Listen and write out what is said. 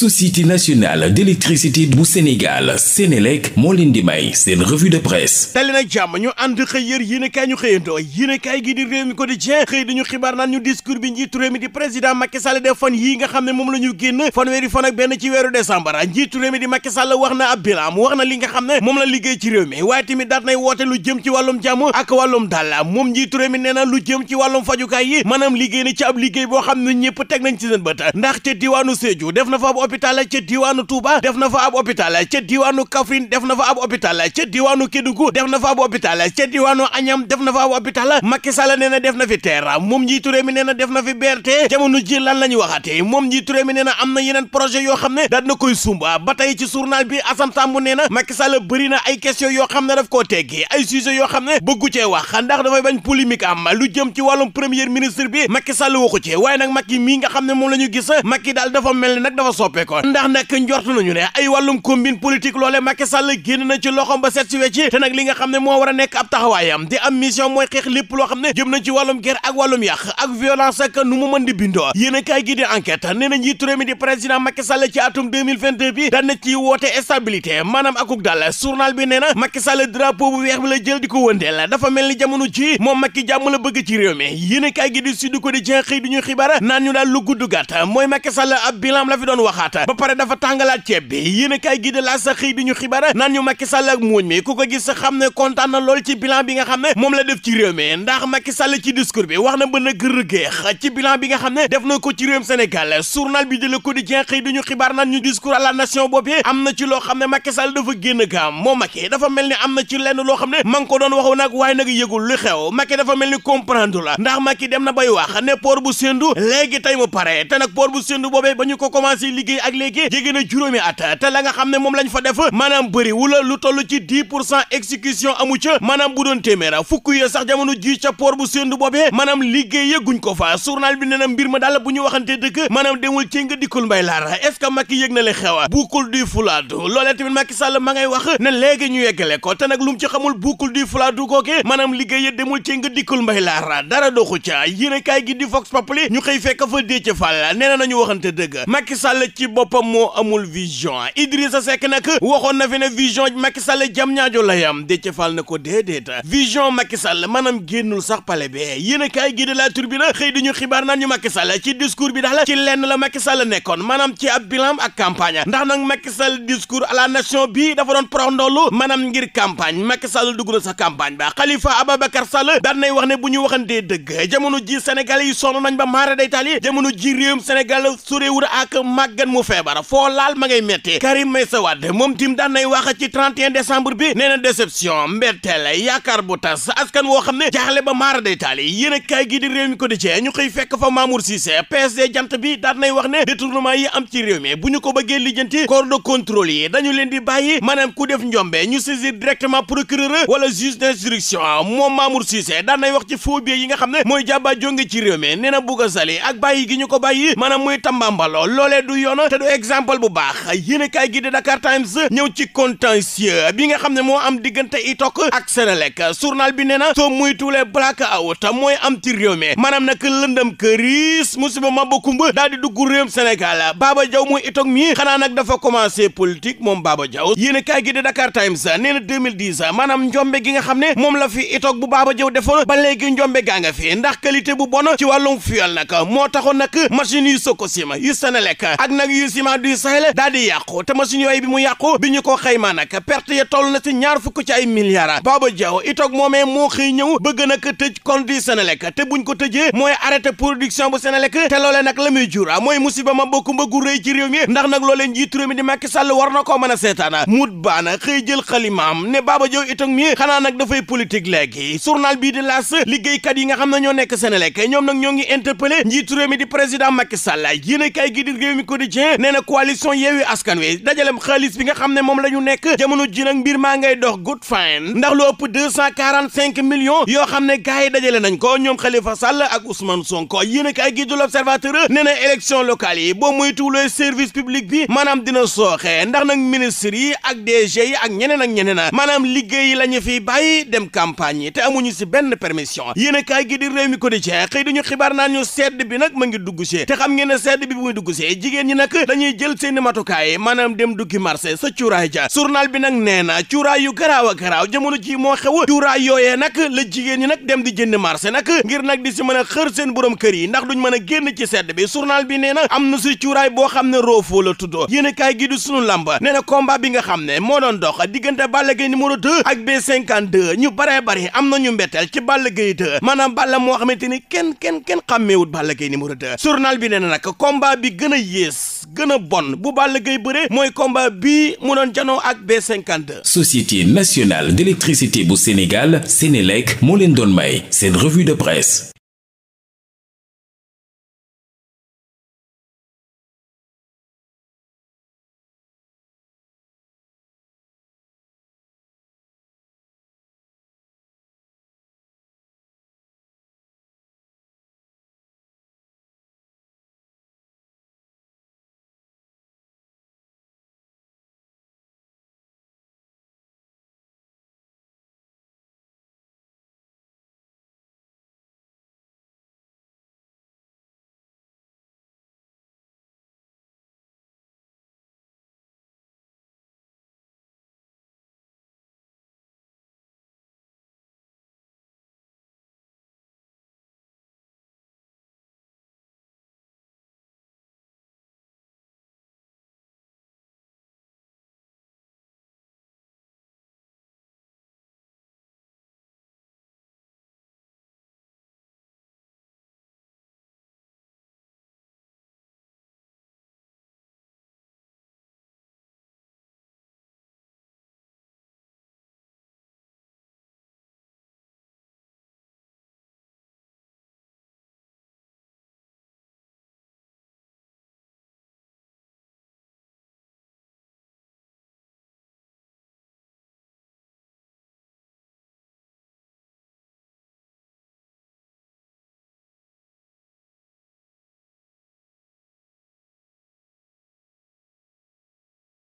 société nationale d'électricité bu Sénégal Sénélec moo leen di may seen revue de presse dali nag jàmm ñu ànd xëy yër yéenekaay ñu xëyandoo yéenekaay gi di réew mi quotidien xëy dañu xibaar naan ñu discours bi njiitu réew mi di président Macky Sall def fan yi nga xam ne moom la ñu génn fanweeri fan ak benn ci weeru décembre njiitu réew mi di Macky Sall wax na ab bilan wax na li nga xam ne moom la liggéey ci réew mi waaye tamit daat nay woote lu ak wàllum dal moom njiitu réew mi na lu jëm ci wàllum fajukaay yi maanaam liggéey na ci boo xam ne ñëpp teg nañ ci seen bët ndax ca diwaanu Sédhiou na hôpital ca diwaanu Touba def na fa ab hôpital ca diwaanu Kaffrine def na fa ab hôpital ca diwaanu Kédougou def na fa ab hôpital ca diwaanu Agnam na fa ab hôpital Macky Sall nee na def na fi terra moom njiitu réew mi nee na def na fi BRT jamono ji lan la ñu waxate moom njiitu réew mi nee na am na yeneen projet yoo xam ne daan na koy sumba ba tey ci journal bi Assane Samb nee na Macky Sall bëri na ay question yoo xam ne daf koo teggi ay sujet yoo xam ne bëggu cee wax ndax dafay bañ polémique am lu jëm ci wàllum premier ministre bi Macky Sall waxu ci waaye nag Macky mii nga xam ne moom la ñu gis Macky daal dafa mel ni nag dafa soppe jàppee ko ndax nag njort nañu ne ay wàllum combine politique loole Macky Sall génn na ci loxom ba set si wecci te nag li nga xam ne moo war a nekk ab taxawaayam di am mission mooy xeex lépp loo xam ne jëm na ci wàllum guerre ak wàllum yàq ak violence ak nu mu mën di bindoo yéen a kaay gi di enquête na njiitu réew mi di président Macky Sall ci atum 2022 bi daan na ci woote stabilité maanaam akuk dal journal bi nee na Macky Sall drapeau bu weex bi la jël di ko wëndeel mel ni jamono ji moom Macky jàmm la bëgg ci réew mi yéen a kaay du ñu xibaar naan ñu daal lu gudd gàtt mooy Macky Sall ab bilam la fi doon xalaat ba pare dafa tàngalaat ceeb bi yéen a kaay gi de la sa xëy di ñu xibaar naan ñu Macky Sall ak mooñ mi ku ko gis xam ne kontaan na lool ci bilan bi nga xam ne moom la def ci ndax Macky Sall ci discours bi wax na ba nag rëgeex ci bilan bi nga xam ne def na ko ci réewum Sénégal journal bi de Le Quotidien xëy di ñu xibaar naan ñu discours à la nation boobu am na ci loo xam ne Macky Sall dafa génn gaam moo Macky dafa mel ni am na ci lenn loo xam ne ma ngi ko doon waxu nag waaye nag yëgul lu xew Macky dafa mel ni comprendre la ndax Macky dem na bay wax ne port bu Sendou léegi tey mu pare te nag port bu Sendou boobee ba ñu ko commencé liggéey ak léegi jege na juróomi at te la nga xam ne moom lañ fa def maanaam bëri wula lu toll ci dix pour cent exécution amu ca maanaam bu doon téeméera fukk ya sax jamono ji ca port bu séndu boobee maanaam liggéey guñ ko fa journal bi nee na mbir ma daal bu ñu waxante dëgg maanaam demul ci nga dikkul mbay laara est ce que Macky yëg na le xewa buukul du fulaadu loolee tamit ma ngay wax ne léegi ñu yeggale ko te nag lu mu ci xamul buukul du fulaadu kooke maanaam liggéey ya demul ci nga dikkul mbay laara dara doxu ca yéen a kaay gi di Vox xëy fekk fa Déthié na waxante dëgg Macky Sall ci boppam moo amul vision Idrissa Seck nag waxoon na fi ne vision Macky Sall jam ñaajo la yam Déthié Fall na ko déedéet vision Macky Sall maanaam génnul sax pale bi yéen a kaay gi de la Tribune xëy dañu xibaar naan ñu Macky Sall ci discours bi daal ci lenn la Macky Sall nekkoon maanaam ci ab bilan ak campagne ndax nag Macky Sall discours la nation bi dafa doon prox ndoolu maanaam ngir campagne Macky Sall dugg na sa campagne ba Khalifa Ababacar Sall daan nay wax ne bu ñu waxantee dëgg jamono ji Sénégal yi sonn nañ ba maara day taal yi jamono ji réewum Sénégal soréewul ak mu feebara foo laal ma ngay metti Karim Meïssa Wade moom tim daan wax ci 31 décembre bi nee na déception yaakaar bu tas askan woo xam ne jaaxle ba maara day taali yéen a kaay réew mi ko di cee ñu koy fekk fa Mamour Cissé PSD jant bi daan wax ne détournement yi am ci réew mi bu ñu ko bëggee lijjanti corps de contrôle yi dañu leen di bàyyi maanaam ku def njombe ñu saisir directement procureur wala juge d'instruction moom Mamour yoon te du exemple bu baax yéenekaay gi di Dakar Times ñëw ci contentieux bi nga xam ne moo am diggante Itok ak Senelec journal bi nee na soo muy tuulee black out mooy am ci réew mi maanaam nag lëndëm këriis musiba ma bakumba daal di dugg réewum Sénégal Baba jaw muy Itok mi xanaa nag dafa commencé politique moom Baba Diaw yéenekaay gi di Dakar Times nee na 2010 maanaam njombe gi nga xam ne moom la fi Itok bu Baba Diaw defoon ba léegi njombe gaa nga ndax qualité bu bon ci wàllum fuel moo taxoon nag machine yu Sococim yu Senelec ak nag yu ciment du Sahel daal di yàqu te machine yooyu bi mu yàqu bi ñu ko xaymaa perte ya toll na ci ñaar fukk ci ay milliards Baba Diaw itoog moomee moo xëy ñëw bëgg nag tëj kon di Senelec te buñ ko tëjee mooy arrêté production bu Senelec te loolee nag la muy jur mooy musiba ma bokk mbëggu rëy ci réew mi ndax nag loolee njiitu di Macky Sall war na koo mën a seetaana mut baana xëy jël xalimaam ne Baba Diaw itoog mi xanaa nag dafay a Quotidien nee na coalition Yewwi Askan Wi dajalem xaalis bi nga xam ne moom la ñu nekk jamono ji nag mbir maa ngay dox good fine ndax loo ëpp deux cent quarante cinq millions yoo xam ne gars yi dajale nañ ko ñoom Khalifa Sall ak Ousmane Sonko yéen a kaay gi du l'Observateur nee na élection locale yi boo muy tuulee service public bi maanaam dina sooxee ndax nag ministre yi ak DG yi ak ñeneen ak ñeneen maanaam liggéey yi la ñu fiy bàyyi dem campagne te amuñu si benn permission yéen a kaay gi di mi ko di cee xëy dañu xibaar naan ñu sedd bi nag ma dugg si te xam ngeen ne sedd bi bu muy jigéen ñi nag nag dañuy jël seeni matukaay maanaam dem duggi marché sa cuuraay ja journal bi nag nee na cuuraay yu garaaw a garaaw jamono ji moo xew cuuraay yooye nag la jigéen ñi nag dem di jënd marché nag ngir nag di si mën a xër seen borom kër yi ndax duñ mën a génn ci sedd bi surnal bi nee na am na si cuuraay boo xam ne roofoo la tudd yéen kaay gi du sunu lamba nee na combat bi nga xam ne moo doon dox diggante Balla Gaye numéro 2 ak B52 ñu baree bari am na ñu mbetteel ci Balla Gaye 2 maanaam Balla moo xamante ni kenn kenn kenn xàmmeewut Balla Gaye numéro 2 journal bi nee na nag combat bi gën a yées sens gën a bon bu Balla Gaye bëree mooy combat bii mu doon janoo ak B52. Société nationale d'électricité bu Sénégal Sénélec moo leen doon may seen revue de presse.